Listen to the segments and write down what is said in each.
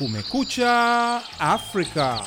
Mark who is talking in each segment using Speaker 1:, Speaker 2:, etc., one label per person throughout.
Speaker 1: Kumekucha Afrika.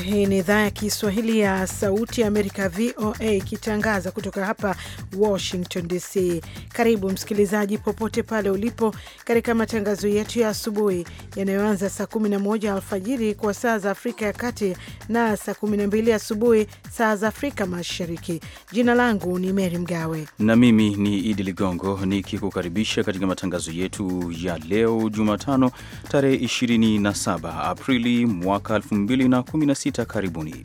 Speaker 2: Hii ni idhaa ya Kiswahili ya Sauti ya Amerika, VOA, ikitangaza kutoka hapa Washington DC. Karibu msikilizaji, popote pale ulipo, katika matangazo yetu ya asubuhi yanayoanza saa 11 alfajiri kwa saa za Afrika ya Kati na saa 12 asubuhi saa za Afrika Mashariki. Jina langu ni Meri Mgawe
Speaker 3: na mimi ni Idi Ligongo nikikukaribisha katika matangazo yetu ya leo Jumatano tarehe 27 Aprili mwaka 2016 6. Karibuni.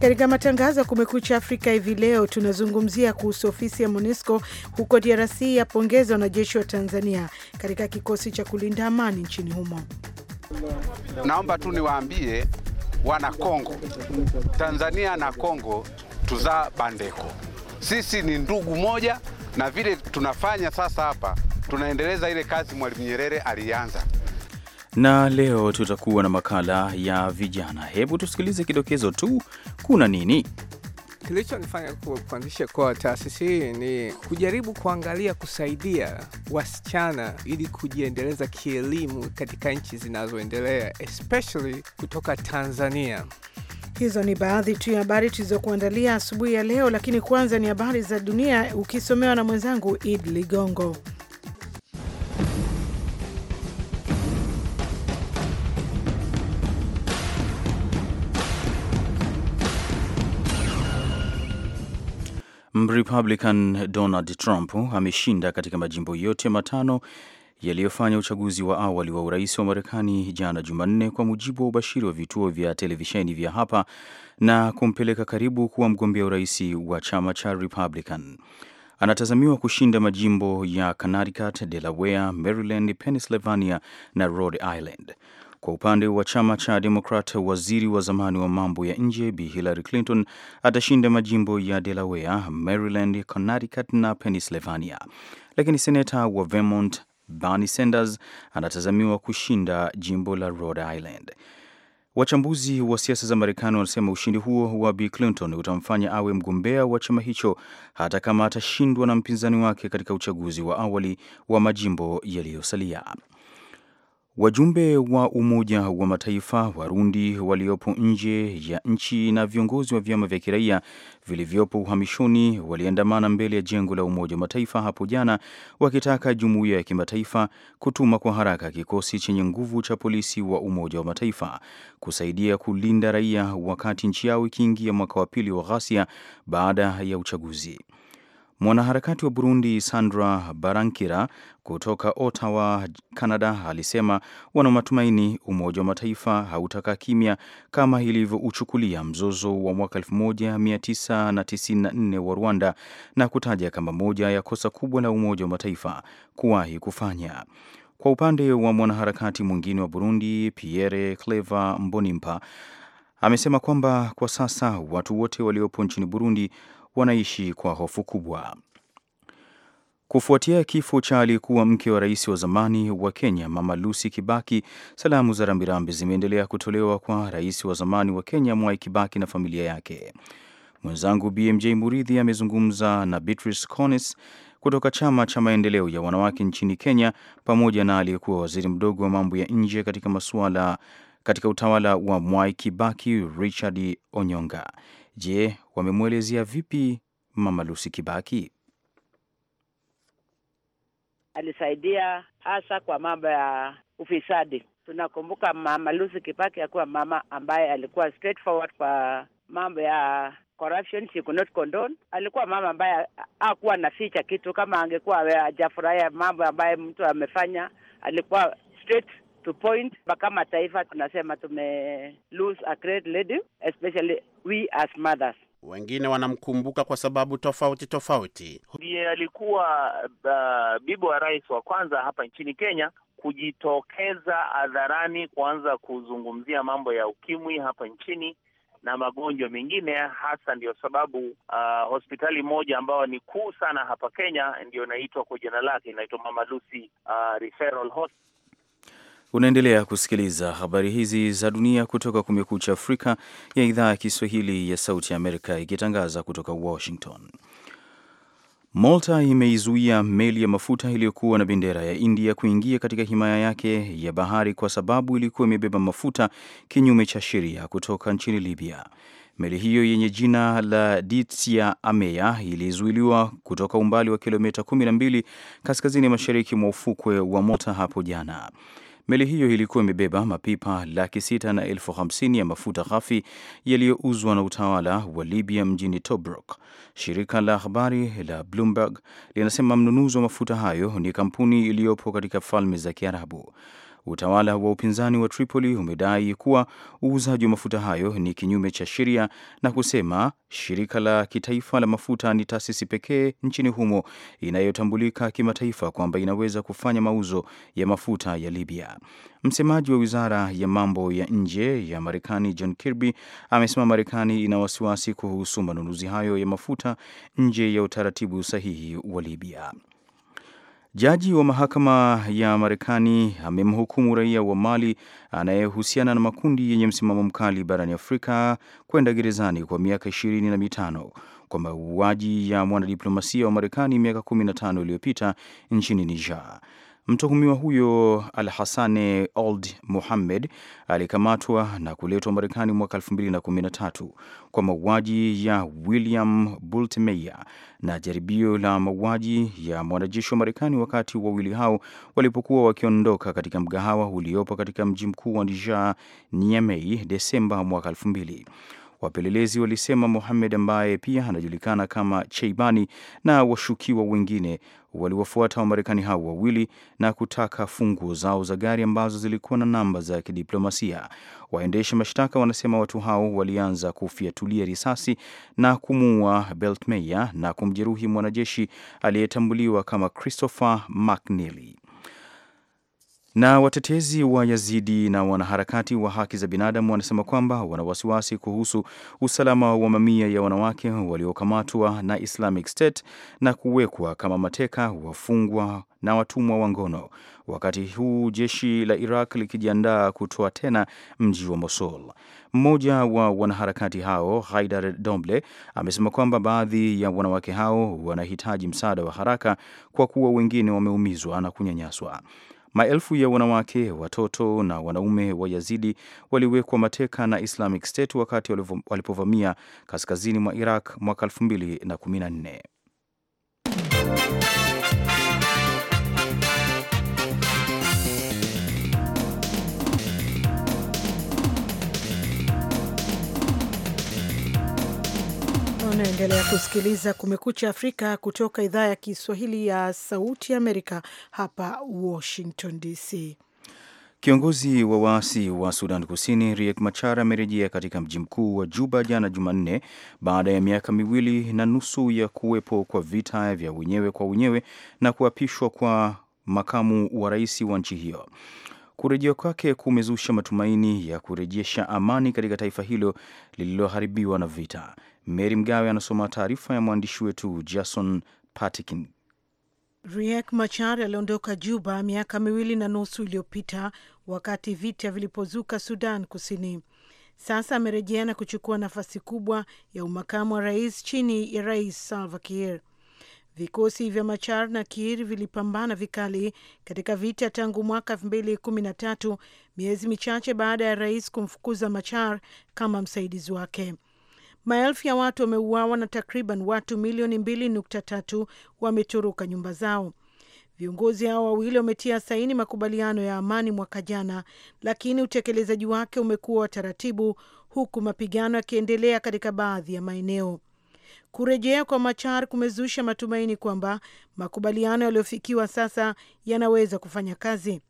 Speaker 2: Katika matangazo ya Kumekucha Afrika hivi leo tunazungumzia kuhusu ofisi ya MONUSCO huko DRC yapongeza wanajeshi wa Tanzania katika kikosi cha kulinda amani nchini humo.
Speaker 1: Naomba tu niwaambie wana Kongo, Tanzania na Kongo tuzaa bandeko, sisi ni ndugu moja, na vile tunafanya sasa hapa tunaendeleza ile kazi Mwalimu Nyerere alianza.
Speaker 3: Na leo tutakuwa na makala ya vijana. Hebu tusikilize kidokezo tu, kuna nini
Speaker 4: kilichonifanya kuanzisha kwa taasisi hii ni kujaribu kuangalia kusaidia wasichana ili kujiendeleza kielimu katika nchi zinazoendelea especially kutoka Tanzania. Hizo ni
Speaker 2: baadhi tu ya habari tulizokuandalia asubuhi ya leo, lakini kwanza ni habari za dunia ukisomewa na mwenzangu Id Ligongo.
Speaker 3: Mrepublican Donald Trump ameshinda katika majimbo yote matano yaliyofanya uchaguzi wa awali wa urais wa Marekani jana Jumanne, kwa mujibu wa ubashiri wa vituo vya televisheni vya hapa, na kumpeleka karibu kuwa mgombea urais wa chama cha Republican. Anatazamiwa kushinda majimbo ya Connecticut, Delaware, Maryland, Pennsylvania na Rhode Island. Kwa upande wa chama cha Demokrat, waziri wa zamani wa mambo ya nje Bi Hillary Clinton atashinda majimbo ya Delaware, Maryland, Connecticut na Pennsylvania, lakini seneta wa Vermont Bernie Sanders anatazamiwa kushinda jimbo la Rhode Island. Wachambuzi wa siasa za Marekani wanasema ushindi huo wa Bi Clinton utamfanya awe mgombea wa chama hicho hata kama atashindwa na mpinzani wake katika uchaguzi wa awali wa majimbo yaliyosalia. Wajumbe wa Umoja wa Mataifa, Warundi waliopo nje ya nchi na viongozi wa vyama vya kiraia vilivyopo uhamishoni waliandamana mbele ya jengo la Umoja wa Mataifa hapo jana wakitaka jumuiya ya kimataifa kutuma kwa haraka kikosi chenye nguvu cha polisi wa Umoja wa Mataifa kusaidia kulinda raia wakati nchi yao ikiingia mwaka wa pili wa ghasia baada ya uchaguzi. Mwanaharakati wa Burundi Sandra Barankira kutoka Ottawa, Canada, alisema wana matumaini Umoja wa Mataifa hautakaa kimya kama ilivyouchukulia mzozo wa mwaka 1994 wa Rwanda na kutaja kama moja ya kosa kubwa la Umoja wa Mataifa kuwahi kufanya. Kwa upande wa mwanaharakati mwingine wa Burundi Pierre Clever Mbonimpa amesema kwamba kwa sasa watu wote waliopo nchini Burundi wanaishi kwa hofu kubwa. Kufuatia kifo cha aliyekuwa mke wa rais wa zamani wa Kenya Mama Lucy Kibaki, salamu za rambirambi zimeendelea kutolewa kwa rais wa zamani wa Kenya Mwai Kibaki na familia yake. Mwenzangu BMJ Muridhi amezungumza na Beatrice Conis kutoka chama cha maendeleo ya wanawake nchini Kenya, pamoja na aliyekuwa waziri mdogo wa mambo ya nje katika masuala katika utawala wa Mwai Kibaki Richard Onyonga. Je, wamemwelezea vipi Mama Lucy Kibaki?
Speaker 5: Alisaidia hasa kwa mambo ya ufisadi. Tunakumbuka Mama Lucy Kibaki akuwa mama ambaye alikuwa straightforward kwa mambo ya corruption, she could not condone. Alikuwa mama ambaye hakuwa na ficha kitu, kama angekuwa hajafurahia mambo ambaye mtu amefanya, alikuwa straight to point. Kama taifa tunasema tume lose a great lady, especially we as mothers
Speaker 1: wengine wanamkumbuka kwa sababu tofauti tofauti.
Speaker 5: Ndiye alikuwa uh, bibi wa rais wa kwanza hapa nchini Kenya kujitokeza hadharani kuanza kuzungumzia mambo ya ukimwi hapa nchini na magonjwa mengine. Hasa ndio sababu uh, hospitali moja ambayo ni kuu sana hapa Kenya ndio inaitwa kwa jina lake, inaitwa Mama Lucy uh, Referral Hospital
Speaker 3: Unaendelea kusikiliza habari hizi za dunia kutoka Kumekucha Afrika ya idhaa ya Kiswahili ya Sauti ya Amerika ikitangaza kutoka Washington. Malta imeizuia meli ya mafuta iliyokuwa na bendera ya India kuingia katika himaya yake ya bahari kwa sababu ilikuwa imebeba mafuta kinyume cha sheria kutoka nchini Libya. Meli hiyo yenye jina la ditia Ameya ilizuiliwa kutoka umbali wa kilomita 12 kaskazini mashariki mwa ufukwe wa Malta hapo jana. Meli hiyo ilikuwa imebeba mapipa laki sita na elfu hamsini ya mafuta ghafi yaliyouzwa na utawala wa Libya mjini Tobruk. Shirika la habari la Bloomberg linasema mnunuzi wa mafuta hayo ni kampuni iliyopo katika Falme za Kiarabu. Utawala wa upinzani wa Tripoli umedai kuwa uuzaji wa mafuta hayo ni kinyume cha sheria na kusema shirika la kitaifa la mafuta ni taasisi pekee nchini humo inayotambulika kimataifa kwamba inaweza kufanya mauzo ya mafuta ya Libya. Msemaji wa wizara ya mambo ya nje ya Marekani John Kirby amesema Marekani ina wasiwasi kuhusu manunuzi hayo ya mafuta nje ya utaratibu sahihi wa Libya. Jaji wa mahakama ya Marekani amemhukumu raia wa Mali anayehusiana na makundi yenye msimamo mkali barani Afrika kwenda gerezani kwa miaka ishirini na mitano kwa mauaji ya mwanadiplomasia wa Marekani miaka 15 iliyopita nchini Niger. Mtuhumiwa huyo Al Hasane Old Muhammed alikamatwa na kuletwa Marekani mwaka 2013 kwa mauaji ya William bultmeyer na jaribio la mauaji ya mwanajeshi wa Marekani wakati wawili hao walipokuwa wakiondoka katika mgahawa uliopo katika mji mkuu wa Niger, Niamey, Desemba mwaka Wapelelezi walisema Mohamed ambaye pia anajulikana kama Cheibani na washukiwa wengine waliwafuata Wamarekani hao wawili na kutaka funguo zao za gari ambazo zilikuwa na namba za kidiplomasia. Waendesha mashtaka wanasema watu hao walianza kufyatulia risasi na kumuua Beltmeyer na kumjeruhi mwanajeshi aliyetambuliwa kama Christopher McNeely. Na watetezi wa Yazidi na wanaharakati wa haki za binadamu wanasema kwamba wana wasiwasi kuhusu usalama wa mamia ya wanawake waliokamatwa na Islamic State na kuwekwa kama mateka, wafungwa na watumwa wa ngono, wakati huu jeshi la Iraq likijiandaa kutoa tena mji wa Mosul. Mmoja wa wanaharakati hao Haidar Domble amesema kwamba baadhi ya wanawake hao wanahitaji msaada wa haraka kwa kuwa wengine wameumizwa na kunyanyaswa. Maelfu ya wanawake, watoto na wanaume wa Yazidi waliwekwa mateka na Islamic State wakati walipovamia kaskazini mwa Iraq mwaka 2014.
Speaker 2: Unaendelea kusikiliza Kumekucha Afrika kutoka idhaa ya Kiswahili ya Sauti Amerika, hapa Washington DC.
Speaker 3: Kiongozi wa waasi wa Sudan Kusini Riek Machar amerejea katika mji mkuu wa Juba jana Jumanne baada ya miaka miwili na nusu ya kuwepo kwa vita vya wenyewe kwa wenyewe na kuapishwa kwa makamu wa rais wa nchi hiyo. Kurejea kwake kumezusha matumaini ya kurejesha amani katika taifa hilo lililoharibiwa na vita. Mary Mgawe anasoma taarifa ya mwandishi wetu Jason Patikin.
Speaker 2: Riek Machar aliondoka Juba miaka miwili na nusu iliyopita wakati vita vilipozuka Sudan Kusini. Sasa amerejea na kuchukua nafasi kubwa ya umakamu wa rais chini ya Rais Salva Kiir. Vikosi vya Machar na Kiir vilipambana vikali katika vita tangu mwaka 2013 miezi michache baada ya rais kumfukuza Machar kama msaidizi wake. Maelfu ya watu wameuawa na takriban watu milioni 2.3 wametoroka nyumba zao. Viongozi hao wawili wametia saini makubaliano ya amani mwaka jana, lakini utekelezaji wake umekuwa wa taratibu, huku mapigano yakiendelea katika baadhi ya maeneo. Kurejea kwa Machar kumezusha matumaini kwamba makubaliano yaliyofikiwa sasa yanaweza kufanya kazi.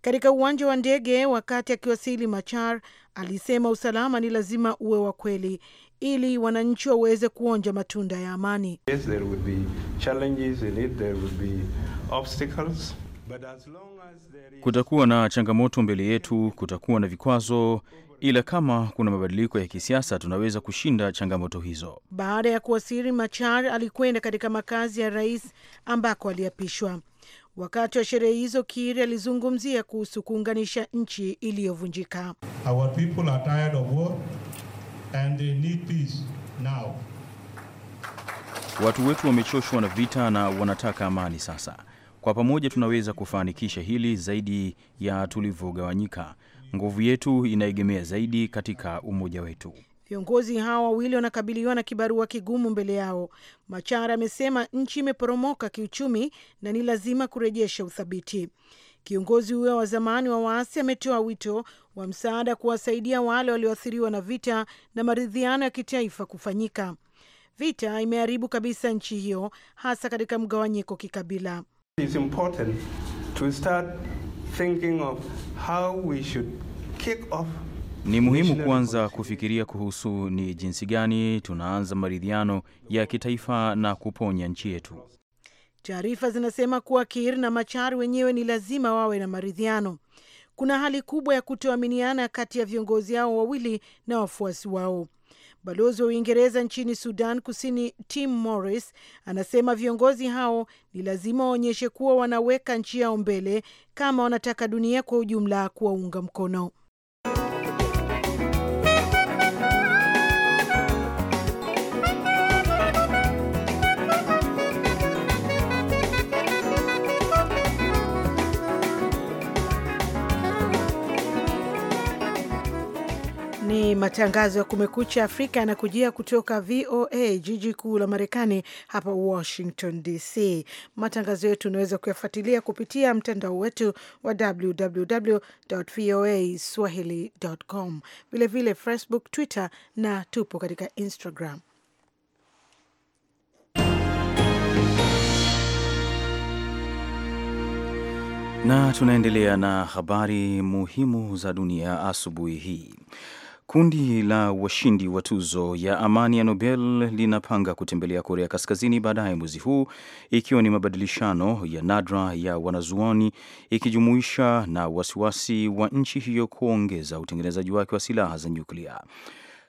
Speaker 2: Katika uwanja wa ndege wakati akiwasili, Machar alisema usalama ni lazima uwe wa kweli ili wananchi waweze kuonja matunda ya amani.
Speaker 1: Yes, there will be challenges in it, there will be
Speaker 4: obstacles.
Speaker 3: Kutakuwa na changamoto mbele yetu, kutakuwa na vikwazo, ila kama kuna mabadiliko ya kisiasa tunaweza kushinda changamoto hizo.
Speaker 2: Baada ya kuwasili, Machar alikwenda katika makazi ya rais ambako aliapishwa. Wakati wa sherehe hizo, Kiir alizungumzia kuhusu kuunganisha nchi iliyovunjika.
Speaker 3: Watu wetu wamechoshwa na vita na wanataka amani sasa kwa pamoja tunaweza kufanikisha hili zaidi ya tulivyogawanyika. Nguvu yetu inaegemea zaidi katika umoja wetu.
Speaker 2: Viongozi hawa wawili wanakabiliwa na kibarua kigumu mbele yao. Machar amesema nchi imeporomoka kiuchumi na ni lazima kurejesha uthabiti. Kiongozi huyo wa zamani wa waasi ametoa wito wa msaada kuwasaidia wale walioathiriwa na vita na maridhiano ya kitaifa kufanyika. Vita imeharibu kabisa nchi hiyo, hasa katika mgawanyiko kikabila.
Speaker 4: It's important to start thinking of how we should kick off.
Speaker 3: Ni muhimu kuanza kufikiria kuhusu ni jinsi gani tunaanza maridhiano ya kitaifa na kuponya nchi yetu.
Speaker 2: Taarifa zinasema kuwa Kiir na Machar wenyewe ni lazima wawe na maridhiano. Kuna hali kubwa ya kutoaminiana kati ya viongozi hao wawili na wafuasi wao. Balozi wa Uingereza nchini Sudan Kusini, Tim Morris, anasema viongozi hao ni lazima waonyeshe kuwa wanaweka nchi yao mbele kama wanataka dunia kwa ujumla kuwaunga mkono. matangazo ya Kumekucha Afrika yanakujia kutoka VOA jiji kuu la Marekani, hapa Washington DC. Matangazo yetu unaweza kuyafuatilia kupitia mtandao wetu wa www voa swahili.com, vilevile Facebook, Twitter na tupo katika Instagram.
Speaker 3: Na tunaendelea na habari muhimu za dunia asubuhi hii. Kundi la washindi wa tuzo ya amani ya Nobel linapanga kutembelea Korea Kaskazini baadaye mwezi huu, ikiwa ni mabadilishano ya nadra ya wanazuoni ikijumuisha na wasiwasi wa nchi hiyo kuongeza utengenezaji wake wa silaha za nyuklia.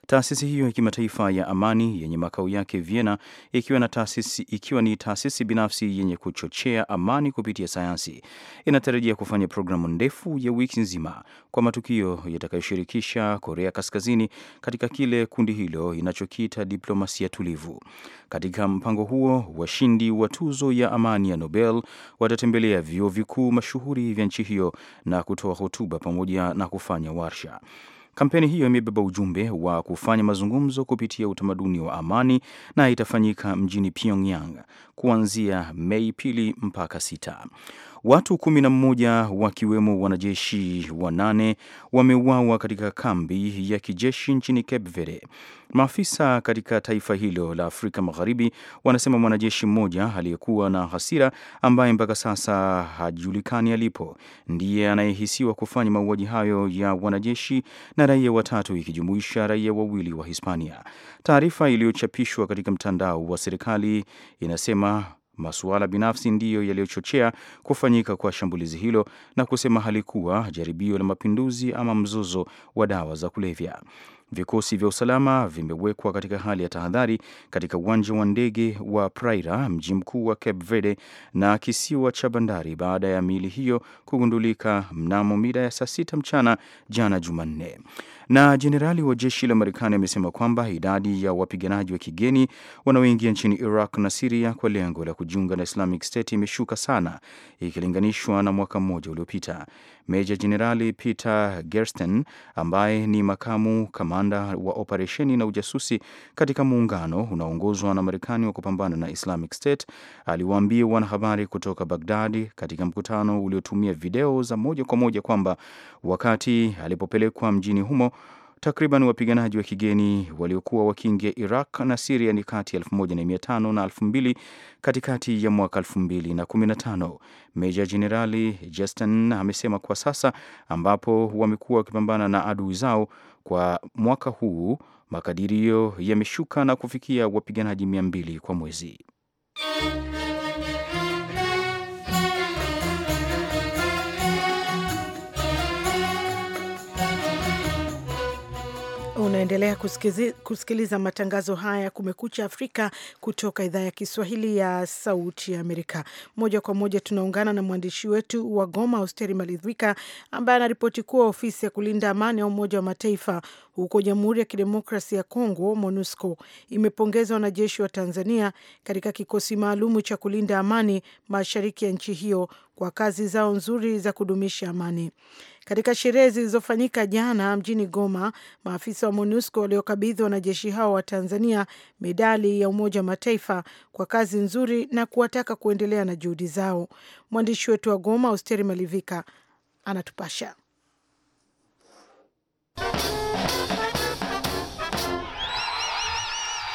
Speaker 3: Taasisi hiyo ya kimataifa ya amani yenye makao yake Vienna, ikiwa, na taasisi, ikiwa ni taasisi binafsi yenye kuchochea amani kupitia sayansi, inatarajia kufanya programu ndefu ya wiki nzima kwa matukio yatakayoshirikisha Korea Kaskazini katika kile kundi hilo inachokiita diplomasia tulivu. Katika mpango huo, washindi wa tuzo ya amani ya Nobel watatembelea vyuo vikuu mashuhuri vya nchi hiyo na kutoa hotuba pamoja na kufanya warsha. Kampeni hiyo imebeba ujumbe wa kufanya mazungumzo kupitia utamaduni wa amani na itafanyika mjini Pyongyang kuanzia Mei pili mpaka sita. Watu 11 wakiwemo wanajeshi wanane wameuawa katika kambi ya kijeshi nchini Cape Verde. Maafisa katika taifa hilo la Afrika Magharibi wanasema mwanajeshi mmoja aliyekuwa na hasira ambaye mpaka sasa hajulikani alipo ndiye anayehisiwa kufanya mauaji hayo ya wanajeshi na raia watatu ikijumuisha raia wawili wa Hispania. Taarifa iliyochapishwa katika mtandao wa serikali inasema Masuala binafsi ndiyo yaliyochochea kufanyika kwa shambulizi hilo na kusema halikuwa jaribio la mapinduzi ama mzozo wa dawa za kulevya. Vikosi vya usalama vimewekwa katika hali ya tahadhari katika uwanja wa ndege wa Praira, mji mkuu wa Cape Verde na kisiwa cha bandari, baada ya miili hiyo kugundulika mnamo mida ya saa sita mchana jana Jumanne. Na jenerali wa jeshi la Marekani amesema kwamba idadi ya wapiganaji wa kigeni wanaoingia nchini Iraq na Siria kwa lengo la kujiunga na Islamic State imeshuka sana ikilinganishwa na mwaka mmoja uliopita. Meja Jenerali Peter Gersten ambaye ni makamu kamanda wa operesheni na ujasusi katika muungano unaoongozwa na Marekani wa kupambana na Islamic State aliwaambia wanahabari kutoka Bagdad katika mkutano uliotumia video za moja kwa moja kwamba wakati alipopelekwa mjini humo Takriban wapiganaji wa kigeni waliokuwa wakiingia Iraq na Siria ni kati ya 1500 na 2000 katikati ya mwaka 2015. Meja Jenerali Justin amesema kwa sasa ambapo wamekuwa wakipambana na adui zao kwa mwaka huu makadirio yameshuka na kufikia wapiganaji 200 kwa mwezi.
Speaker 2: Unaendelea kusikiliza matangazo haya ya Kumekucha Afrika kutoka idhaa ya Kiswahili ya Sauti ya Amerika. Moja kwa moja tunaungana na mwandishi wetu wa Goma, Austeri Malidhika, ambaye anaripoti kuwa ofisi ya kulinda amani ya Umoja wa Mataifa huko Jamhuri ya kidemokrasi ya Kongo, MONUSCO, imepongeza wanajeshi wa Tanzania katika kikosi maalumu cha kulinda amani mashariki ya nchi hiyo kwa kazi zao nzuri za kudumisha amani. Katika sherehe zilizofanyika jana mjini Goma, maafisa wa MONUSCO waliokabidhi wanajeshi hao wa Tanzania medali ya Umoja wa Mataifa kwa kazi nzuri na kuwataka kuendelea na juhudi zao. Mwandishi wetu wa Goma, Austeri Malivika, anatupasha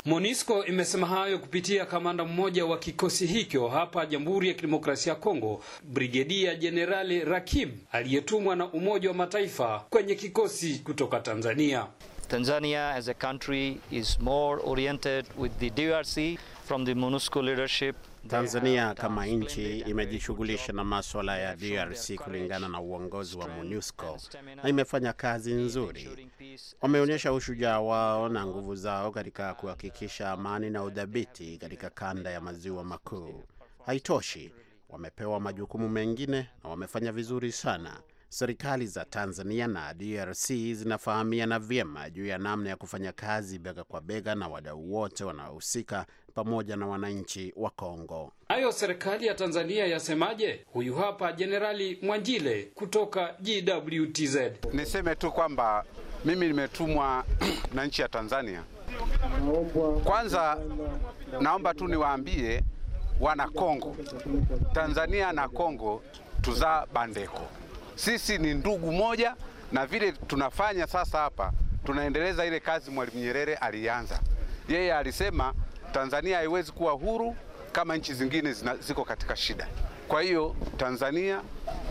Speaker 1: MONUSCO imesema hayo kupitia kamanda mmoja wa kikosi hicho hapa Jamhuri ya Kidemokrasia ya Kongo, Brigedia Jenerali Rakim aliyetumwa na Umoja wa Mataifa kwenye kikosi kutoka Tanzania. Tanzania as a country is more oriented with the DRC from the MONUSCO leadership Tanzania kama nchi imejishughulisha na maswala ya DRC kulingana na uongozi wa MONUSCO na imefanya kazi nzuri. Wameonyesha ushujaa wao na nguvu zao katika ah, kuhakikisha amani na udhabiti katika kanda ya maziwa makuu. Haitoshi, wamepewa majukumu mengine na wamefanya vizuri sana serikali za Tanzania na DRC zinafahamiana vyema juu ya namna ya kufanya kazi bega kwa bega na wadau wote wanaohusika pamoja na wananchi wa Kongo. Hayo serikali ya Tanzania yasemaje? Huyu hapa Jenerali Mwanjile kutoka JWTZ. Niseme tu kwamba mimi nimetumwa na nchi ya Tanzania. Kwanza naomba tu niwaambie wana Kongo, Tanzania na Kongo tuzaa bandeko. Sisi ni ndugu moja, na vile tunafanya sasa hapa tunaendeleza ile kazi Mwalimu Nyerere alianza. Yeye alisema Tanzania haiwezi kuwa huru kama nchi zingine zina, ziko katika shida. Kwa hiyo Tanzania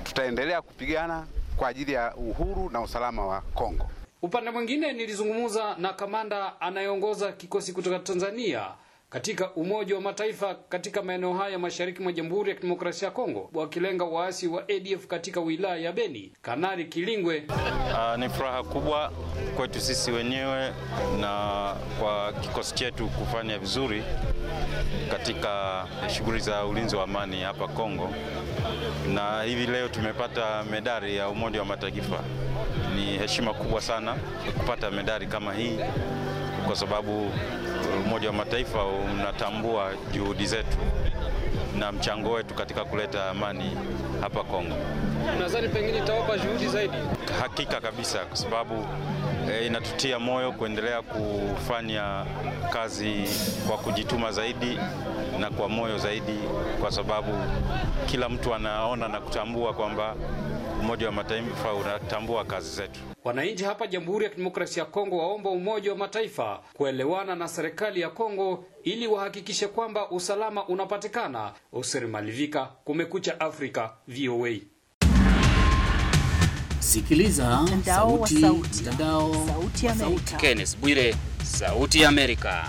Speaker 1: tutaendelea kupigana kwa ajili ya uhuru na usalama wa Kongo. Upande mwingine nilizungumza na kamanda anayeongoza kikosi kutoka Tanzania katika Umoja wa Mataifa katika maeneo haya mashariki mwa Jamhuri ya Kidemokrasia ya Kongo, wakilenga waasi wa ADF katika wilaya ya Beni. Kanali Kilingwe: Aa, ah, ni furaha kubwa kwetu sisi wenyewe na kwa kikosi chetu kufanya vizuri katika shughuli za ulinzi wa amani hapa
Speaker 3: Kongo, na hivi leo tumepata medali ya Umoja wa Mataifa. Ni heshima kubwa sana kupata medali kama hii kwa sababu Umoja wa Mataifa unatambua juhudi zetu na mchango wetu katika kuleta amani hapa Kongo.
Speaker 1: Nadhani pengine itawapa juhudi zaidi. Hakika kabisa, kwa sababu e, inatutia moyo kuendelea kufanya kazi kwa kujituma zaidi na kwa moyo zaidi, kwa sababu kila mtu anaona na kutambua kwamba Umoja wa Mataifa unatambua kazi zetu. Wananchi hapa Jamhuri ya Kidemokrasia ya Kongo waomba Umoja wa Mataifa kuelewana na serikali ya Kongo ili wahakikishe kwamba usalama unapatikana. Useri Malivika, Kumekucha Afrika, VOA.
Speaker 5: Sikiliza mtandao sauti, sauti, mtandao sauti ya Amerika.
Speaker 1: Kenneth Bwire, Sauti ya Amerika.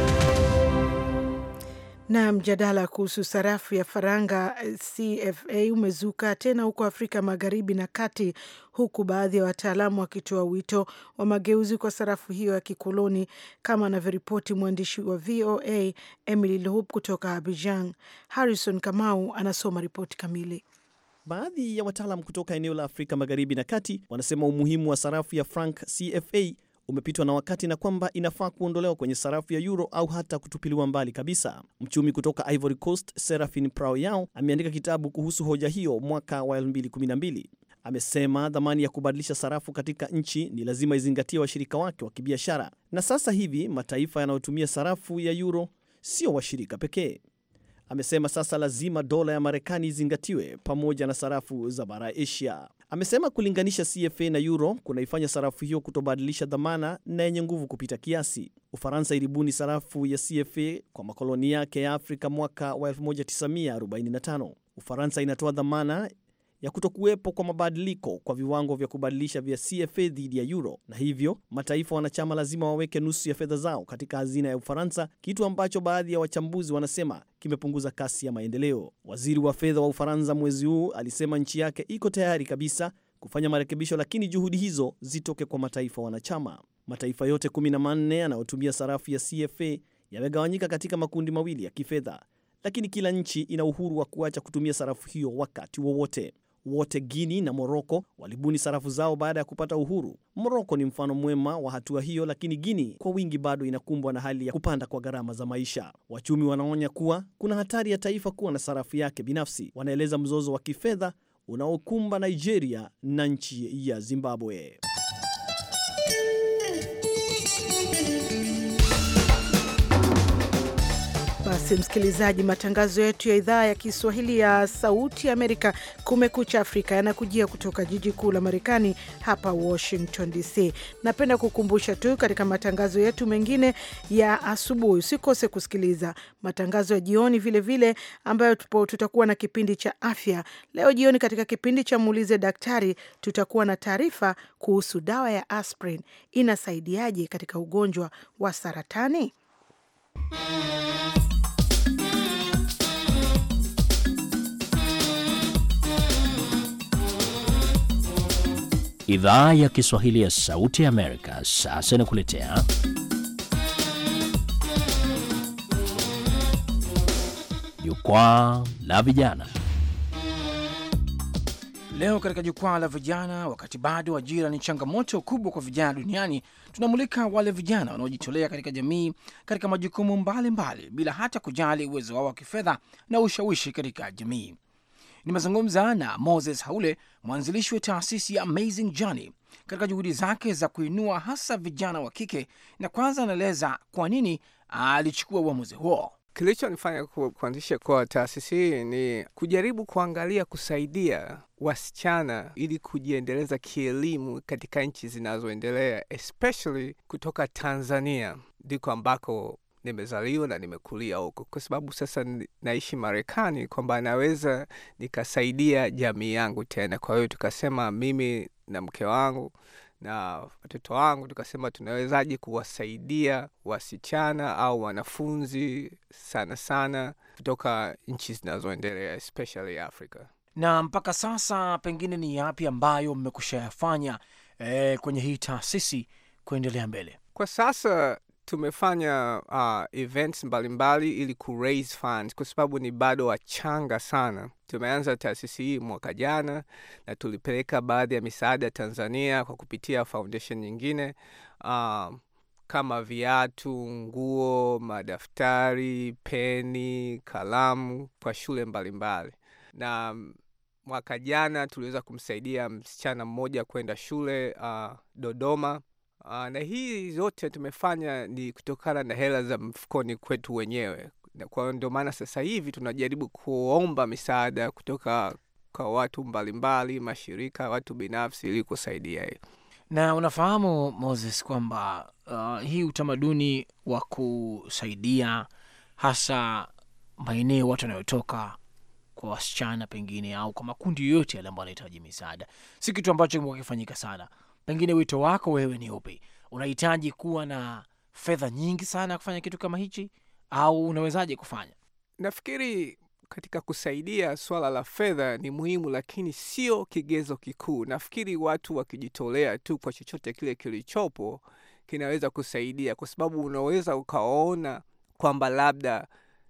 Speaker 2: Na mjadala kuhusu sarafu ya faranga eh, CFA umezuka tena huko Afrika Magharibi na Kati, huku baadhi ya wataalamu wakitoa wito wa mageuzi kwa sarafu hiyo ya kikoloni, kama anavyoripoti mwandishi wa VOA Emily Lhup kutoka Abidjan. Harrison Kamau
Speaker 6: anasoma ripoti kamili. Baadhi ya wataalam kutoka eneo la Afrika Magharibi na Kati wanasema umuhimu wa sarafu ya franc CFA umepitwa na wakati na kwamba inafaa kuondolewa kwenye sarafu ya euro au hata kutupiliwa mbali kabisa. Mchumi kutoka Ivory Coast Serafin Praoyan ameandika kitabu kuhusu hoja hiyo mwaka wa 2012. Amesema dhamani ya kubadilisha sarafu katika nchi ni lazima izingatie washirika wake wa kibiashara, na sasa hivi mataifa yanayotumia sarafu ya euro sio washirika pekee. Amesema sasa lazima dola ya Marekani izingatiwe pamoja na sarafu za bara Asia. Amesema kulinganisha CFA na euro kunaifanya sarafu hiyo kutobadilisha dhamana na yenye nguvu kupita kiasi. Ufaransa ilibuni sarafu ya CFA kwa makoloni yake ya Afrika mwaka wa 1945. Ufaransa inatoa dhamana ya kutokuwepo kwa mabadiliko kwa viwango vya kubadilisha vya CFA dhidi ya euro, na hivyo mataifa wanachama lazima waweke nusu ya fedha zao katika hazina ya Ufaransa, kitu ambacho baadhi ya wachambuzi wanasema kimepunguza kasi ya maendeleo. Waziri wa fedha wa Ufaransa mwezi huu alisema nchi yake iko tayari kabisa kufanya marekebisho, lakini juhudi hizo zitoke kwa mataifa wanachama. Mataifa yote 14 yanayotumia sarafu ya CFA yamegawanyika katika makundi mawili ya kifedha, lakini kila nchi ina uhuru wa kuacha kutumia sarafu hiyo wakati wowote. Wote Guini na Moroko walibuni sarafu zao baada ya kupata uhuru. Moroko ni mfano mwema wa hatua hiyo, lakini Guini kwa wingi bado inakumbwa na hali ya kupanda kwa gharama za maisha. Wachumi wanaonya kuwa kuna hatari ya taifa kuwa na sarafu yake binafsi. Wanaeleza mzozo wa kifedha unaokumba Nigeria na nchi ya Zimbabwe.
Speaker 2: Mpenzi msikilizaji, matangazo yetu ya idhaa ya Kiswahili ya Sauti Amerika, Kumekucha Afrika, yanakujia kutoka jiji kuu la Marekani, hapa Washington DC. Napenda kukumbusha tu katika matangazo yetu mengine ya asubuhi, usikose kusikiliza matangazo ya jioni vilevile vile, ambayo tupo, tutakuwa na kipindi cha afya leo jioni. Katika kipindi cha muulize daktari, tutakuwa na taarifa kuhusu dawa ya aspirin inasaidiaje katika ugonjwa wa saratani.
Speaker 5: Idhaa ya Kiswahili ya Sauti ya Amerika sasa inakuletea Jukwaa la Vijana. Leo katika Jukwaa la Vijana, wakati bado ajira ni changamoto kubwa kwa vijana duniani, tunamulika wale vijana wanaojitolea katika jamii katika majukumu mbalimbali mbali, bila hata kujali uwezo wao wa kifedha na ushawishi katika jamii. Nimezungumza na Moses Haule, mwanzilishi wa taasisi ya Amazing Journey katika juhudi zake za kuinua hasa vijana wa kike, na kwanza anaeleza kwa nini
Speaker 4: alichukua uamuzi huo. Kilichonifanya kuanzisha kwa taasisi hii ni kujaribu kuangalia kusaidia wasichana ili kujiendeleza kielimu katika nchi zinazoendelea especially kutoka Tanzania ndiko ambako nimezaliwa na nimekulia huko, kwa sababu sasa naishi Marekani, kwamba naweza nikasaidia jamii yangu tena. Kwa hiyo tukasema mimi na mke wangu na watoto wangu tukasema tunawezaji kuwasaidia wasichana au wanafunzi sana sana kutoka nchi zinazoendelea especially Africa.
Speaker 5: Na mpaka sasa pengine ni yapi ambayo yafanya eh, kwenye hii taasisi kuendelea mbele?
Speaker 4: Kwa sasa tumefanya uh, events mbalimbali mbali ili ku raise funds kwa sababu ni bado wachanga sana. Tumeanza taasisi hii mwaka jana na tulipeleka baadhi ya misaada Tanzania kwa kupitia foundation nyingine uh, kama viatu, nguo, madaftari, peni, kalamu kwa shule mbalimbali mbali. Na mwaka jana tuliweza kumsaidia msichana mmoja kwenda shule uh, Dodoma Uh, na hii zote tumefanya ni kutokana na hela za mfukoni kwetu wenyewe. Kwa hiyo ndio maana sasa hivi tunajaribu kuomba misaada kutoka kwa watu mbalimbali, mashirika, watu binafsi ili kusaidia hii
Speaker 5: Na unafahamu Moses, kwamba uh, hii utamaduni wa kusaidia hasa maeneo watu wanayotoka kwa wasichana pengine au kwa makundi yoyote yale ambayo anahitaji misaada si kitu ambacho kimekuwa kifanyika sana pengine wito wako wewe ni upi? Unahitaji kuwa na fedha nyingi sana kufanya
Speaker 4: kitu kama hichi, au unawezaje kufanya? Nafikiri katika kusaidia swala la fedha ni muhimu, lakini sio kigezo kikuu. Nafikiri watu wakijitolea tu kwa chochote kile kilichopo kinaweza kusaidia, kwa sababu unaweza ukaona kwamba labda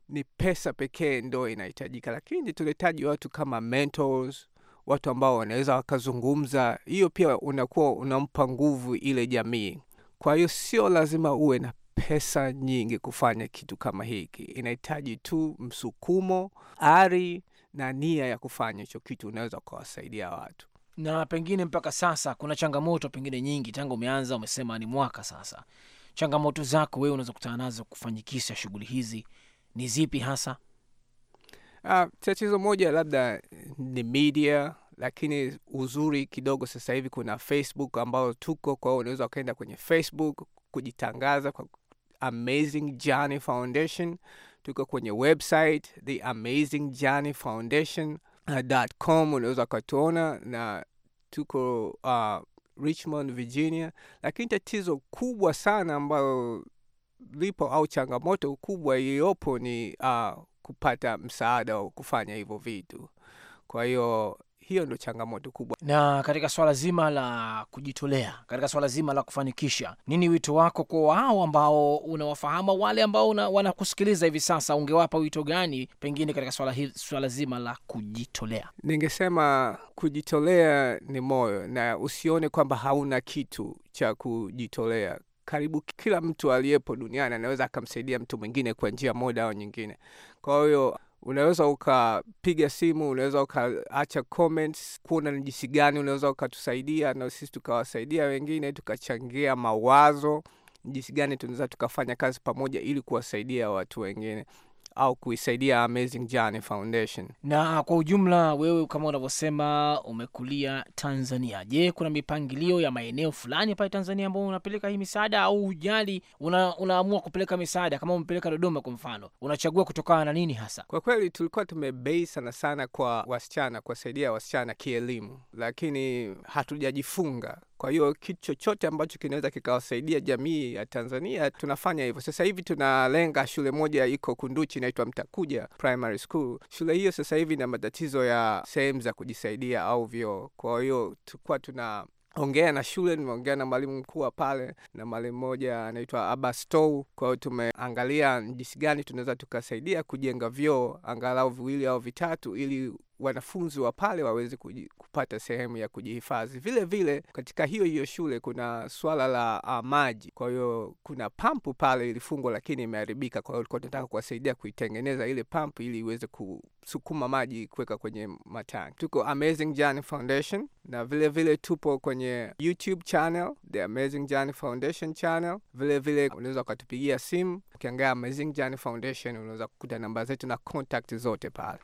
Speaker 4: ni pesa pekee ndo inahitajika, lakini tunahitaji watu kama mentors, watu ambao wanaweza wakazungumza. Hiyo pia unakuwa unampa nguvu ile jamii. Kwa hiyo sio lazima uwe na pesa nyingi kufanya kitu kama hiki, inahitaji tu msukumo, ari na nia ya kufanya hicho kitu, unaweza ukawasaidia watu.
Speaker 5: Na pengine mpaka sasa kuna changamoto pengine nyingi, tangu umeanza, umesema ni mwaka sasa, changamoto zako wewe unazokutana nazo kufanyikisha shughuli hizi ni zipi hasa?
Speaker 4: Uh, tatizo moja labda ni media, lakini uzuri kidogo sasa hivi kuna Facebook ambao tuko kwa hiyo unaweza ukaenda kwenye Facebook kujitangaza kwa Amazing Journey Foundation. Tuko kwenye website the Amazing Journey Foundation com, unaweza ukatuona na tuko uh, Richmond, Virginia, lakini tatizo kubwa sana ambayo lipo au changamoto kubwa iliyopo ni uh, kupata msaada wa kufanya hivyo vitu. Kwa hiyo hiyo ndio changamoto kubwa.
Speaker 5: Na katika swala zima la kujitolea, katika swala zima la kufanikisha, nini wito wako kwa wao ambao unawafahamu wale ambao wanakusikiliza hivi sasa, ungewapa wito gani pengine katika swala, swala zima la kujitolea?
Speaker 4: Ningesema kujitolea ni moyo, na usione kwamba hauna kitu cha kujitolea karibu kila mtu aliyepo duniani anaweza akamsaidia mtu mwingine kwa njia moja au nyingine. Kwa hiyo unaweza ukapiga simu, unaweza ukaacha comments, kuona ni jinsi gani unaweza ukatusaidia, na sisi tukawasaidia wengine, tukachangia mawazo jinsi gani tunaweza tukafanya kazi pamoja ili kuwasaidia watu wengine au kuisaidia Amazing Journey Foundation. Na
Speaker 5: kwa ujumla, wewe kama unavyosema umekulia Tanzania, je, kuna mipangilio ya maeneo fulani pale Tanzania ambao unapeleka hii misaada au ujali una, unaamua kupeleka misaada? Kama umepeleka Dodoma kwa mfano, unachagua kutokana na nini hasa?
Speaker 4: Kwa kweli tulikuwa tumebei sana sana kwa wasichana, kuwasaidia wasichana kielimu, lakini hatujajifunga kwa hiyo kitu chochote ambacho kinaweza kikawasaidia jamii ya Tanzania tunafanya hivyo. Sasa hivi tunalenga shule moja iko Kunduchi inaitwa Mtakuja Primary School. Shule hiyo sasa hivi ina matatizo ya sehemu za kujisaidia au vyoo, kwa hiyo tukuwa tuna ongea na shule, nimeongea na mwalimu mkuu pale na mwalimu mmoja anaitwa Abastow. Kwa hiyo tumeangalia jinsi gani tunaweza tukasaidia kujenga vyoo angalau viwili au vitatu, ili wanafunzi wa pale waweze kupata sehemu ya kujihifadhi. Vile vile katika hiyo hiyo shule kuna swala la uh, maji. Kwa hiyo kuna pampu pale ilifungwa, lakini imeharibika. Kwa hiyo tulikuwa tunataka kuwasaidia kuitengeneza ile pampu ili iweze kusukuma maji kuweka kwenye matanki. Tuko Amazing Jan Foundation na vile vile tupo kwenye YouTube channel The Amazing Jan Foundation channel. Vile vile unaweza ukatupigia simu, ukiangalia Amazing Jan Foundation unaweza kukuta namba zetu na contact zote pale.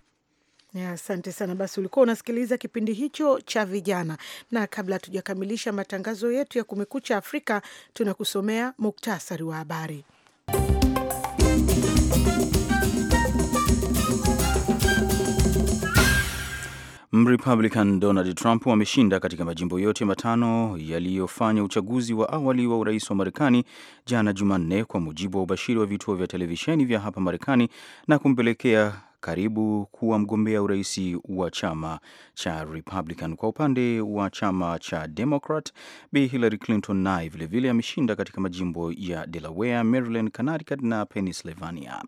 Speaker 2: Asante sana. Basi ulikuwa unasikiliza kipindi hicho cha vijana, na kabla hatujakamilisha matangazo yetu ya Kumekucha Afrika, tunakusomea muktasari wa habari.
Speaker 3: Mrepublican Donald Trump ameshinda katika majimbo yote matano yaliyofanya uchaguzi wa awali wa urais wa Marekani jana Jumanne, kwa mujibu wa ubashiri wa vituo vya televisheni vya hapa Marekani, na kumpelekea karibu kuwa mgombea urais wa chama cha Republican. Kwa upande wa chama cha Democrat, Bi Hillary Clinton naye vilevile ameshinda katika majimbo ya Delaware, Maryland, Connecticut na Pennsylvania.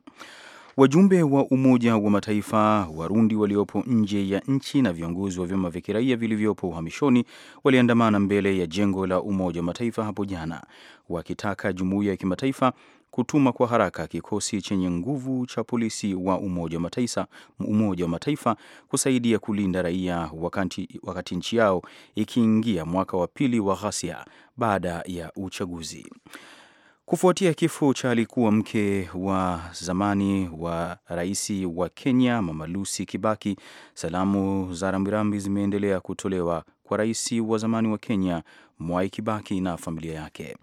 Speaker 3: Wajumbe wa Umoja wa Mataifa, Warundi waliopo nje ya nchi na viongozi wa vyama vya kiraia vilivyopo uhamishoni waliandamana mbele ya jengo la Umoja wa Mataifa hapo jana wakitaka jumuiya ya kimataifa kutuma kwa haraka kikosi chenye nguvu cha polisi wa Umoja wa Mataifa, Umoja wa Mataifa kusaidia kulinda raia wakati, wakati nchi yao ikiingia mwaka wa pili wa ghasia baada ya uchaguzi. Kufuatia kifo cha alikuwa mke wa zamani wa rais wa Kenya Mama Lucy Kibaki, salamu za rambirambi zimeendelea kutolewa kwa rais wa zamani wa Kenya Mwai Kibaki na familia yake.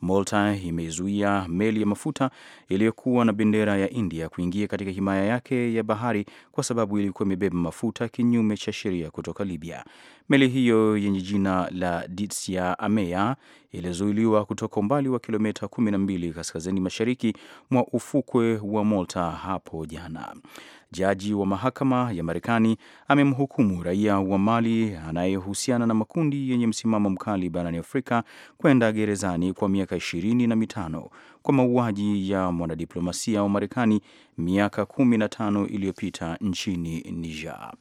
Speaker 3: Malta imezuia meli ya mafuta iliyokuwa na bendera ya India kuingia katika himaya yake ya bahari kwa sababu ilikuwa imebeba mafuta kinyume cha sheria kutoka Libya. Meli hiyo yenye jina la Ditsia Amea ilizuiliwa kutoka umbali wa kilomita 12 kaskazini mashariki mwa ufukwe wa Malta hapo jana. Jaji wa mahakama ya Marekani amemhukumu raia wa Mali anayehusiana na makundi yenye msimamo mkali barani Afrika kwenda gerezani kwa miaka ishirini na mitano kwa mauaji ya mwanadiplomasia wa Marekani miaka kumi na tano iliyopita nchini Niger.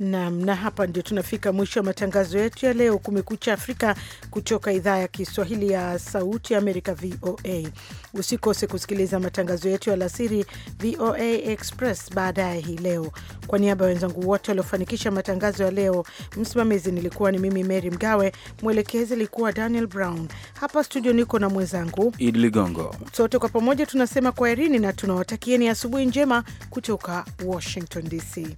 Speaker 2: Nam, na hapa ndio tunafika mwisho wa matangazo yetu ya leo, Kumekucha Afrika, kutoka idhaa ya Kiswahili ya Sauti Amerika, VOA. Usikose kusikiliza matangazo yetu ya alasiri, VOA Express, baadaye hii leo. Kwa niaba ya wenzangu wote waliofanikisha matangazo ya leo, msimamizi nilikuwa ni mimi Mary Mgawe, mwelekezi alikuwa Daniel Brown. Hapa studio niko na mwenzangu
Speaker 3: Idi Ligongo.
Speaker 2: Sote kwa pamoja tunasema kwaherini na tunawatakieni asubuhi njema kutoka Washington DC.